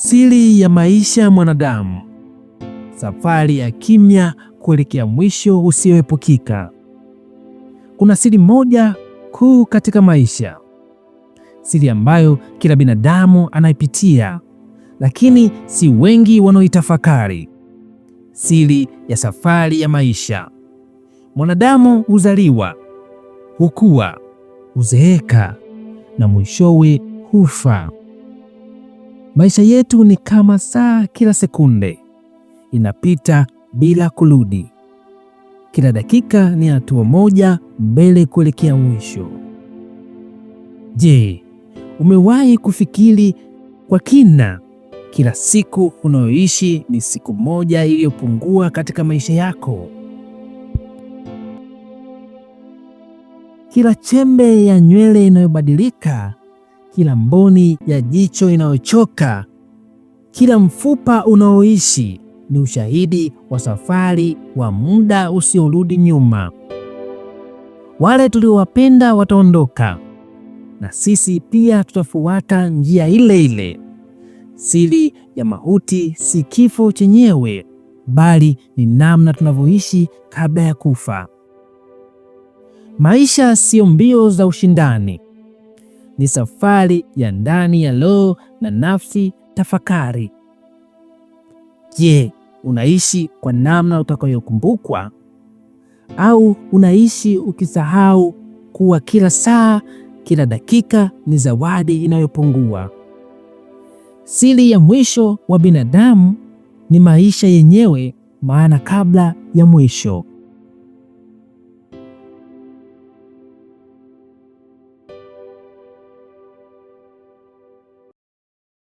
Siri ya maisha ya mwanadamu, safari ya kimya kuelekea mwisho usioepukika. Kuna siri moja kuu katika maisha, siri ambayo kila binadamu anaipitia, lakini si wengi wanaoitafakari. Siri ya safari ya maisha. Mwanadamu huzaliwa, hukua, huzeeka na mwishowe hufa. Maisha yetu ni kama saa, kila sekunde inapita bila kurudi. Kila dakika ni hatua moja mbele kuelekea mwisho. Je, umewahi kufikiri kwa kina? Kila siku unayoishi ni siku moja iliyopungua katika maisha yako. Kila chembe ya nywele inayobadilika kila mboni ya jicho inayochoka, kila mfupa unaoishi ni ushahidi wa safari wa muda usiorudi nyuma. Wale tuliowapenda wataondoka, na sisi pia tutafuata njia ile ile. Siri ya mauti si kifo chenyewe, bali ni namna tunavyoishi kabla ya kufa. Maisha siyo mbio za ushindani, ni safari ya ndani ya roho na nafsi. Tafakari: je, unaishi kwa namna utakayokumbukwa au unaishi ukisahau kuwa kila saa, kila dakika ni zawadi inayopungua? Siri ya mwisho wa binadamu ni maisha yenyewe, maana kabla ya mwisho